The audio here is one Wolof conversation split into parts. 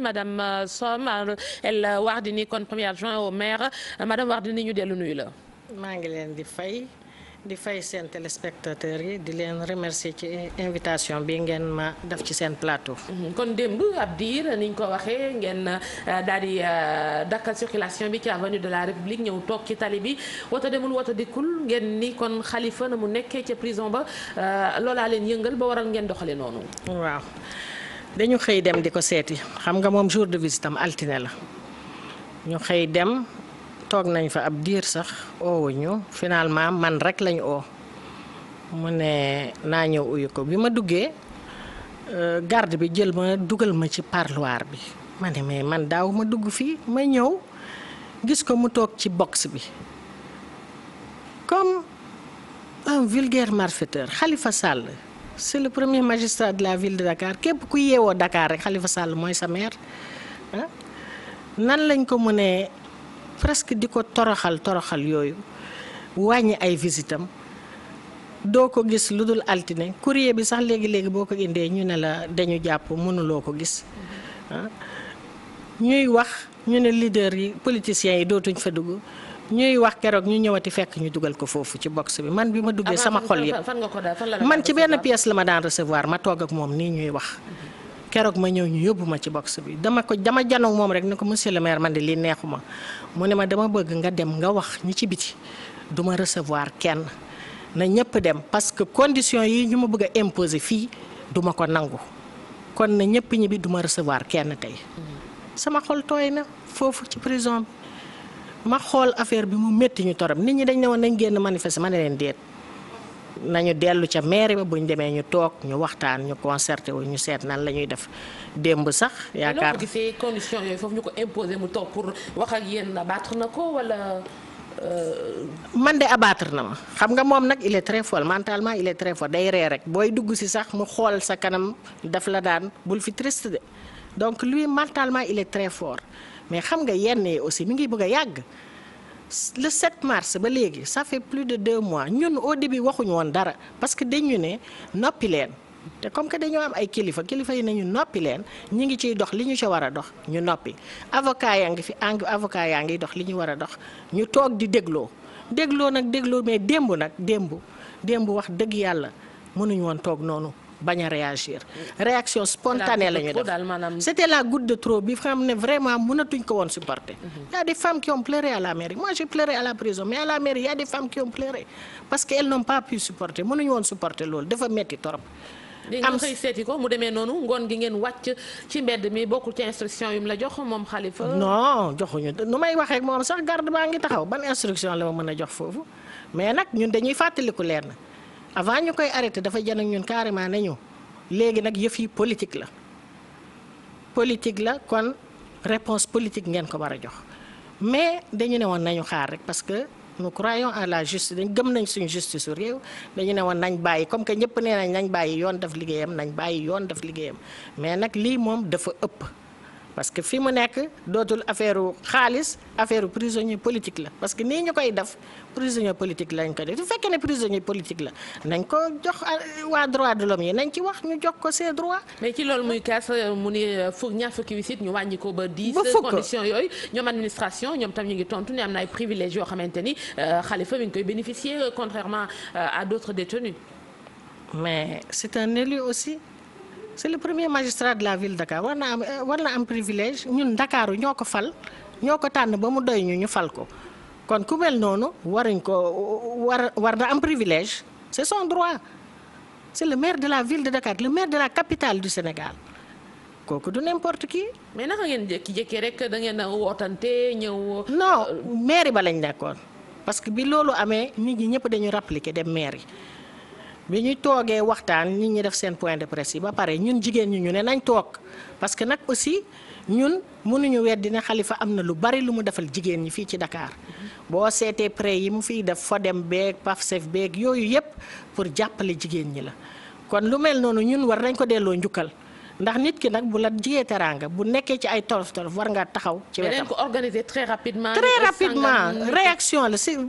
Madame euh, Soham El Wardini kon premier adjoint au maire euh, Madame Wardini ñu dellu nuyu la. maa ngi leen di fay di fay seen téléspectateurs yi di leen remercier ci invitation bi ngeen ma def ci seen plateau. Mhm. kon démb ab diir ni ñu ko waxee ngeen euh, daal di dakkal circulation bi ci avenue de la République ñëw toog ci tali bi wota demul wota dikkul ngeen ni kon xalifa na mu nekkee ca prison ba loolaa leen yëngal ba waral ngeen doxalee noonu. waaw. dañu xëy dem di ko seeti xam nga moom jour de visite altine la ñu xëy dem toog nañ fa ab diir sax oowuñu finalement man rek lañu oo mu ne naa ñëw uyu ko bi ma duggee euh, garde bi jël ma dugal ma ci parloir bi ma ne mais man daaw ma dugg fii ma ñëw gis ko mu toog ci box bi comme un vulgaire malfaiteur Khalifa Sall c'est le premier magistrat de la ville de Dakar képp ku yeewoo Dakar rek Khalifa Sall mooy sa maire ah nan lañ ko mënee presque di ko toroxal toroxal yooyu wàññi ay visitam doo ko gis lu dul altine courrier bi sax léegi léegi boo ko indee ñu ne la dañu jàpp mënuloo ko gis ah. ñuy wax ñu ne leader yi politiciens yi dootuñ fa dugg. ñuy wax keroog ñu ñëwati fekk ñu dugal ko foofu ci box bi man bi ma duggee sama xol yëpp man ci benn pièce la ma daan recevoir ma toog ak moom nii ñuy wax keroog ma ñëw ñu yóbbu ma ci box bi dama ko dama janoog moom rek ne ko monsieur le maire man de lii neexu ma mu ne ma dama bëgg nga dem nga wax ñi ci biti du ma recevoir kenn na ñëpp dem parce que condition yi ñu ma bëgg a fii du ma ko nangu kon na ñëpp ñi bi du recevoir kenn tey mm. sama xol tooy na foofu ci prison ma xool affaire bi mu métti ñu torop nit ñi dañ ne woon nañ génn manifester ma ne leen déet nañu dellu ca mairie ba ñu demee ñu toog ñu waxtaan ñu concerté wu ñu seet nan la ñuy def démb sax. yaakaar mais gisee conditions yooyu foofu ñu ko imposer mu toog pour wax ak yéen abattre na ko wala. Euh, man de abattre na ma xam nga moom nag il est très fort mentalement il est très fort day ree rek booy dugg si sax mu xool sa kanam daf la daan bul fi triste de donc lui mentalement il est très mais xam nga yenn yi aussi mu ngi bëgg a yàgg le 7 mars ba léegi sa fe plus de deux mois ñun au début waxuñu woon dara parce que dañu ne noppi leen te comme que dañoo am ay kilifa kilifa yi nañu noppi leen ñi ngi ciy dox li ñu ci war a dox ñu noppi avocat yaa ngi fi ang avocat yaa ngi dox li ñu war a dox ñu toog di dégloo dégloo nag dégloo mais démb nag démb démb wax dëgg yàlla mënuñu woon toog noonu bañ a réagir réaction spontanée la ñu def c'était la goutte de trop bi xam ne vraiment mënatuñ ko woon supporter mhm. y a des femmes qui ont pleuré à la mairie moi j'ai pleuré à la prison mais à la mairie y a des qui ont pleuré parce que elles n'ont pas pu supporter mënuñu woon supporter loolu dafa metti torop am xëy ko mu demee noonu ngoon gi ngeen wàcc ci mbedd mi bokkul ci instruction yu la jox moom xalifa non joxuñu nu may waxee moom sax garde baa ngi taxaw ban instruction la ma a jox foofu mais nag ñun dañuy fàttaliku leen avant ñu koy arrêté dafa jën ñun carrément nañu léegi nag yëf yi politique la politique la kon réponse politique ngeen ko war a jox mais dañu ne woon nañu xaar rek parce que nous croyons à la justice dañ gëm nañ suñu justice su réew dañu ne woon nañ bàyyi comme que ñëpp nee nañ nañ bàyyi yoon def liggéeyam nañ bàyyi yoon def liggéeyam mais nag lii moom dafa ëpp parce que fi mu nekk dootul affaire xaalis affaire prisonnier politique la parce que nii ñu koy def prisonnier politique lañ ko def su fekkee ne prisonnier politique la nañ ko jox euh, waa droit de l'homme yi nañ ci wax ñu jox ko ses droits. mais ci loolu muy kaas euh, mu ni euh, fukk ñaar fukki visite ñu wàññi ko ba. dix conditions yooyu ñoom administration ñoom tam ñu ngi tontu ne am na ay privilèges yoo xamante ni Khalifa mi ngi koy bénéficier contrairement à d'autres détenus mais c'est le premier magistrat de la ville de Dakar war na am euh, war na am privilège ñun Ndakaaru ñoo ko fal ñoo ko tànn ba mu doy ñu ñu fal ko kon ku mel noonu waruñ ko war war na am privilège c'est son droit c'est le maire de la ville de Dakar le maire de la capitale du Sénégal kooku du n'importe qui. mais naka ngeen jékki-jékki rek dangeen ngeen a wootante ñëw. Euh, non mairie ba lañ nekkoon parce que bi loolu amee nit ñi ñëpp dañu rappliquer dem mairie. bi ñu toogee waxtaan nit ñi def seen point de presse yi ba pare ñun jigéen ñi ñu ne nañ toog parce que nag aussi ñun mënuñu weddi ne Khalifa am na lu bari lu mu defal jigéen ñi fii ci Dakar boo seetee prêt yi mu fiy def Fodem beeg Pafsef beeg yooyu yëpp pour jàppale jigéen ñi la kon lu mel noonu ñun war nañ ko delloo njukkal. ndax nit ki nag bu la jiyee teraanga bu nekkee ci ay tolof tolof war nga taxaw. ci wetam ko organiser rapidement. réaction la c'est euh,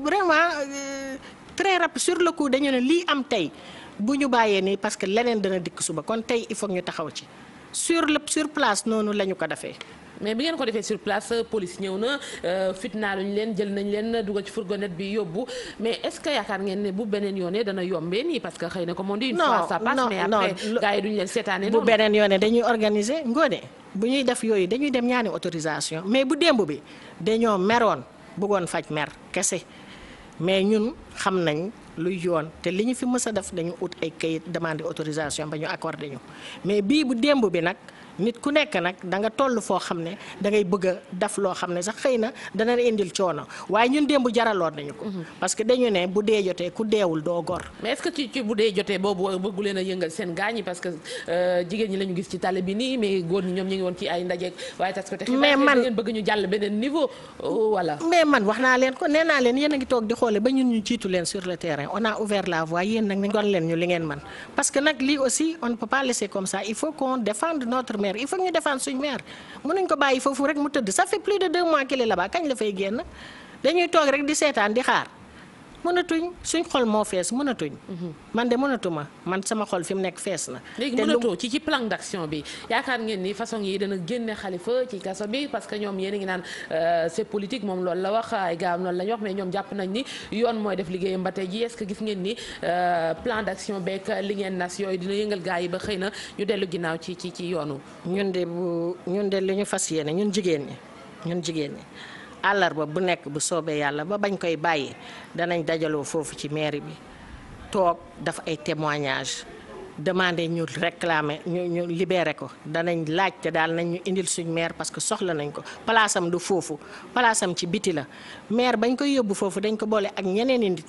très rapide sur le coup dañu ne lii am tey bu ñu bàyyee nii parce que leneen dana dikk suba kon tey il faut ñu taxaw ci sur le sur place noonu la ñu ko defee. mais bi ngeen ko defee sur place police ñëw na euh, fitnaaluñ leen jël nañ leen dugal ci fourgonnette bi yóbbu mais est ce que yaakaar ngeen ne bu beneen yoonee dana yombe nii parce que xëy na comme on dit une fois ça passe mais après gars yi duñ leen seetaane bu beneen yoonee dañuy organiser ngoone bu ñuy def yooyu dañuy dem ñaani autorisation mais bu démb bi dañoo meroon bëggoon faj mer kese. mais ñun xam nañ luy yoon te li ñu fi mës a def dañu ut ay kayit demande autorisation ba ñu accordé ñu mais bii bu démb bi nag. nit ku nekk nag da toll foo xam ne da ngay bëgg a loo xam ne sax xëy na dana indil coono waaye ñun démb jaraloon nañu ko. Mhm. parce que dañu ne bu dee jotee ku deewul doo gor. mais euh, a yëngal seen euh, euh, man wax naa leen ko nee leen yéen ngi toog di xoole ba ñun ñu jiitu leen sur le terrain on ouvert la voie yéen nag ngoon leen ñu li ngeen man parce que nag lii aussi on ne laisser comme ça il faut qu'on défende notre mère maire il faut ñu défendre suñu maire mënuñ ko bàyyi foofu rek mu tëdd sa fait plus de deux mois qu'il est kañ la fay génn dañuy toog rek di seetaan di xaar. mënatuñ suñ xol moo fees mënatuñ. Mhm. man de mënatuma man sama xol fi mu nekk fees na. léegi mënatoo ci ci plan d'action bi yaakaar ngeen ni façon yi dana génne xalifa ci kaso bi parce que ñoom yéen ngi naan euh, c'est politique moom loolu la wax ay gars loolu la ñu wax mais ñoom jàpp nañ ni yoon mooy def liggéeyam ba tey ji est que gis ngeen ni euh, plan d'action beeg li ngeen nas yooyu dina yëngal gars yi ba xëy na ñu dellu ginnaaw ci ci ci yoonu. ñun de bu ñun de li ñu fas yéene ñun jigéen ñi ñun jigéen ñi. àllarba bu nekk bu soobee yàlla ba bañ koy bàyyi danañ dajaloo foofu ci maire bi toog daf ay témoignages demander ñu réclamer ñu ñu libérer ko danañ laaj te daal nañ ñu indil suñ maire parce que soxla nañ ko palaasam du foofu palaasam ci biti la maire bañ koy yóbbu foofu dañ ko boole ak ñeneen i don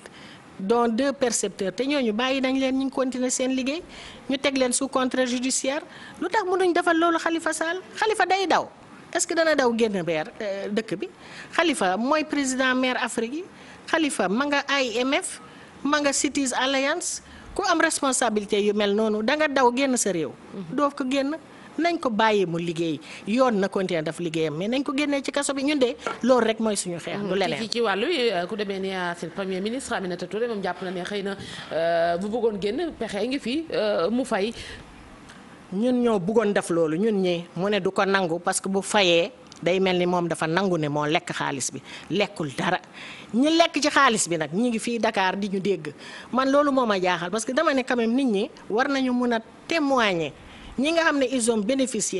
dont deux percepteurs te ñoo ñu bàyyi nañ leen ñu ngi seen liggéey ñu teg leen sous contrôle judiciaire lu tax mënuñ defal loolu xalifa Sall Khalifa day daw. est-ce que dana daw génn beer euh, dëkk bi xalifa mooy président maire Afrique yi xalifa ma nga IMF ma nga Cities Alliance ku am responsabilité yu mel noonu da nga daw génn sa réew. Mhm. doo ko génn nañ ko bàyyi mu liggéey yoon na continuer daf liggéeyam mais nañ ko génnee ci kaso bi ñun de loolu rek mooy suñu xeex. du mhm. leneen ci ci wàllu euh, ku demee ni euh, seen premier ministre Aminata Touré moom jàpp na ne xëy na bu bëggoon génn pexe a ngi fi mu fay. ñun ñoo buggoon def loolu ñun ñi mu ne du ko nangu parce que bu fayee day mel ni moom dafa nangu ne moo lekk xaalis bi lekkul dara ñi lekk ci xaalis bi nag ñu ngi fii Dakar di ñu dégg man loolu moo ma jaaxal parce que dama ne quand nit ñi war nañu mun a témoigner ñi nga xam ne ils ont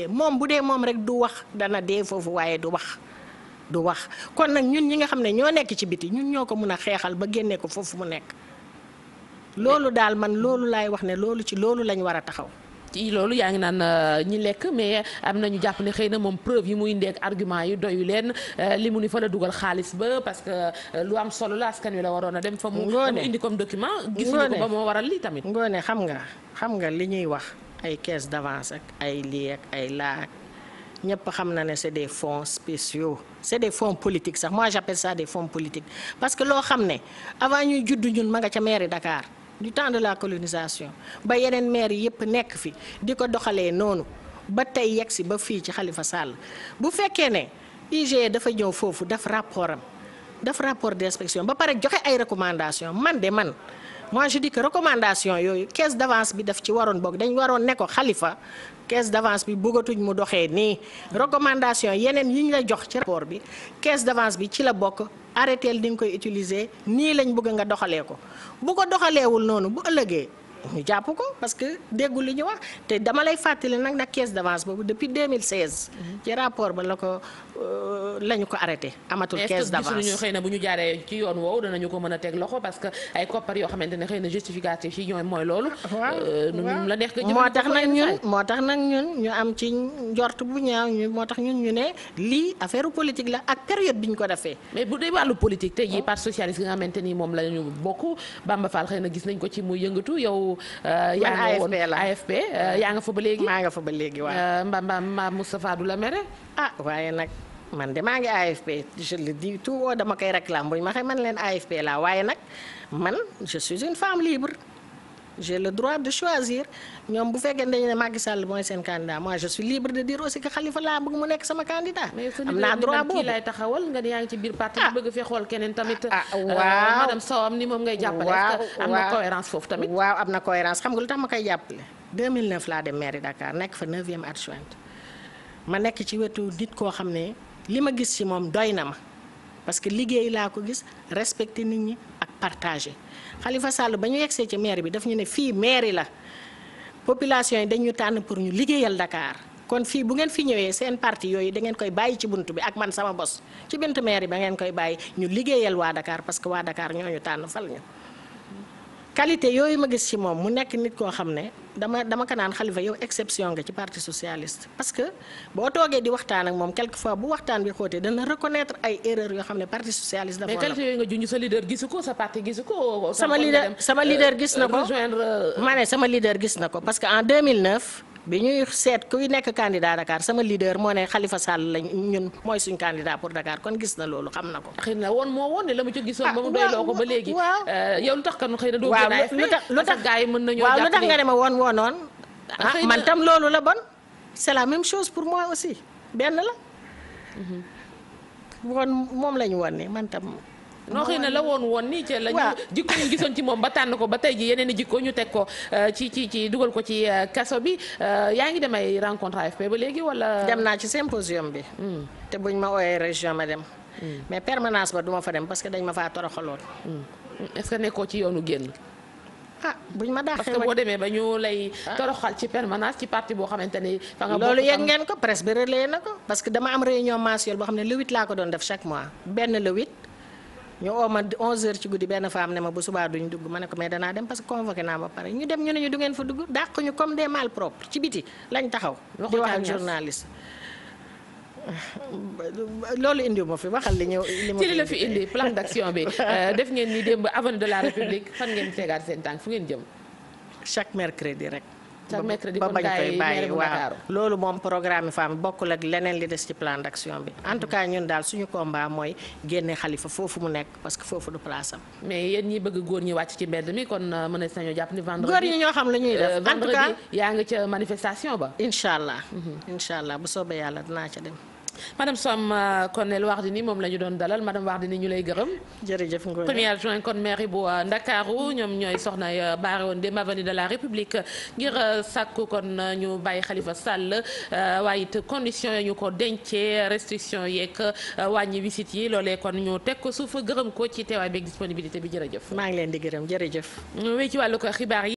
moom bu dee moom rek du wax dana dee foofu waaye du wax. du wax kon nag ñun ñi nga xam ne ñoo nekk ci biti ñun ñoo ko mun a xeexal ba génnee ko foofu mu nekk loolu daal man loolu laay wax ne loolu ci loolu lañ war a taxaw ci loolu yaa ngi naan euh, ñi lekk mais am na ñu jàpp ne xëy na moom preuve yi mu indi ak argument yi doyu leen euh, li mu ni fa la dugal xaalis ba parce que euh, lu am solo la askan wi la waroon a dem fa mu indi comme document gis ba moo waral lii tamit ngoone xam nga xam nga li ñuy wax ay caisse d'avance ak ay lii ak ay laa ñëpp xam na ne c'est des fonds spéciaux c'est des fonds politique sax moi j'appelle ça des fonds politique parce que loo xam ne avant ñuy judd ñun ma nga ca mairie Dakar du temps de la colonisation ba yeneen maire yi yëpp nekk fi di ko doxalee noonu ba tey yegg si ba fii ci xalifa sàll bu fekkee ne IGE dafa ñëw foofu daf rapport am daf rapport d'inspection ba pare joxe ay recommandations man de man. moi je dis recommandation yooyu caisse d'avance bi daf ci waroon bokk dañ waroon ne ko xalifa caisse d'avance bi bëggatuñ mu doxee nii recommandation yeneen yi ñu la jox ci rapport bi caisse d'avance bi ci la bokk arrêteel di nga koy utiliser nii lañ bëgg nga doxalee ko bu ko doxaleewul noonu bu ëllëgee ñu jàpp ko parce que déggul li ñu wax te dama lay fàttali nag nag caisse d'avance boobu depuis 2016. Mm-hmm. ci rapport ba la ko Euh, lañu ko arrêté. amatul caisse ce que gisuñu xëy na bu ñu jaaree ci yoon woowu danañu ko mën a teg loxo parce que ay koppar yoo xamante ne xëy na justificatif yi ñooy mooy loolu. Euh, moo tax nag ñun moo tax nag ñun ñu am ci njort bu ñaaw moo tax ñun ñu ne lii affaire politique la ak période bi ñu ko defee. mais bu dee wàllu politique tey jii parti socialiste nga xamante ni moom la bokk Bamba Fall xëy na gis nañ ko ci mu yëngatu yow. Euh, yaa nga woon AFP yaa nga fa ba léegi. maa nga fa ba léegi waaw. Mbamba Moustapha du la mere. ah waaye nag man de maa ngi AFP je le dis tout haut dama koy réclame bu ñu ma xëy man leen AFP laa waaye nag man je suis une femme libre j'ai le droit de choisir ñoom bu fekkee dañu ne Macky Sall mooy seen candidat moi je suis libre de dire aussi que Khalifa laa bëgg mu nekk sama candidat. am naa droit boobu mais lay taxawal nga yaa ngi ci biir parti ah. bëgg fee xool keneen tamit. Ah, euh, waaw madame am ni moom ngay jàppale. am na cohérence foofu tamit. waaw am na cohérence xam nga lu tax ma koy jàppale. 2009 laa dem nekk fa 9e adjointe nekk ci wetu nit koo xam ne. li ma gis ci moom doy na ma parce que liggéey laa ko gis respecté nit ñi ak partage xalifa Sall ba ñu yegsee ci maire bi dafa ñu ne fii maire la population yi dañu tànn pour ñu liggéeyal Dakar kon fii bu ngeen fi ñëwee seen parti yooyu da ngeen koy bàyyi ci bunt bi ak man sama bos ci bunt maire ba ngeen koy bàyyi ñu liggéeyal waa Dakar parce que waa Dakar ñooñu tànn fal ñu. qualité yooyu ma gis ci moom mu nekk nit koo xam ne dama dama ko naan xalifa yow exception nga ci parti socialiste parce que boo toogee di waxtaan ak moom quelque fois bu waxtaan bi xóotee dana reconnaître ay erreur yoo xam ne parti socialiste. dafa mais qualité yooyu nga junj sa leader gisu ko sa parti gisu ko. sama leader sama leader euh, gis na ko euh, ma sama leader gis na ko parce que en 2009. bi ñuy seet kuy nekk candidat Dakar sama leader moo ne xalifa Sall lañ ñun mooy suñ candidat pour Dakar kon gis na loolu xam na ko. xëy na woon moo woon ne la mu ci gisoon ah, ba mu doyloo ko ba léegi. Eh, yow lu tax kan xëy na doo gën a tax lu tax gars yi mën nañoo jàpp lu tax nga ne ma woon woonoon. Ah, man tam loolu la bon. c'est la même chose pour moi aussi benn la. Mhm. woon moom la ñu woon ne man tam. nooxi na la woon woon nii ci lañu jikko ñu gisoon ci moom ba tànn ko ba tey ji yeneen i jikko ñu teg ko euh, ci ci ci dugal ko ci euh, kaso bi euh, yaa ngi dem ay rencontre AFP ba léegi wala dem naa ci symposium bi hmm. te buñ ma ooyee région ma dem hmm. mais permanence ba duma fa dem parce que dañ ma faa toroxaloon hmm. est-ce que nekkoo ci yoonu génn ah buñ ma daaxee parce boo demee ba ñu lay ah. toroxal ci permanence ci parti boo xamante ni fa nga loolu yëg ngeen ko presse bi am réunion mensuelle boo xam ne le huit laa ko doon def chaque mois benn le huit ñu oo ma 11h ci guddi benn femme ne ma bu subaa duñ dugg ma ne ko mais danaa dem parce que convoqué naa ba pare ñu dem ñu ne ñu du ngeen fa dugg dàq ñu comme des malpropres ci biti lañ taxaw. di wax ak journaliste. loolu indi ma fi waxal li ñëw li ma la fi indi plan action bi euh, def ngeen ni démb avenue de la République fan ngeen tegaat seen tànk fu ngeen jëm. chaque mercredi rek. ba bañ koy bàyyi waaw loolu moom programme femme bokkul ak leneen li des ci plan d'action bi en tout cas ñun daal suñu combat mooy génne xalifa foofu mu nekk parce que foofu du place mais yéen ñi bëgg góor ñi wàcc ci mbedd mi kon euh, mën nañu jàpp ni vendredi góor ñi ñoo xam la ñuy def euh, yaa ngi ca manifestation ba incha allah mhm. incha allah bu soobee yàlla dinaa ca dem madame Soham Konel euh, Wardini moom la ñu doon dalal madame Wardini ñu lay gërëm. jërëjëf Ngoné premier adjoint kon maire bu euh, Ndakaaru ñoom ñooy soxna ya euh, baare woon démb avenue de la République ngir sàkku kon ñu bàyyi xalifa Sall waaye it conditions yi ñu ko dencee restriction yeeg wàññi visite yi loolee kon ñu teg ko suuf gërëm ko ci teewaay beeg disponibilité bi jëf maa ngi leen di gërëm jërëjëf. wéy ci wàllu ko xibaar yi.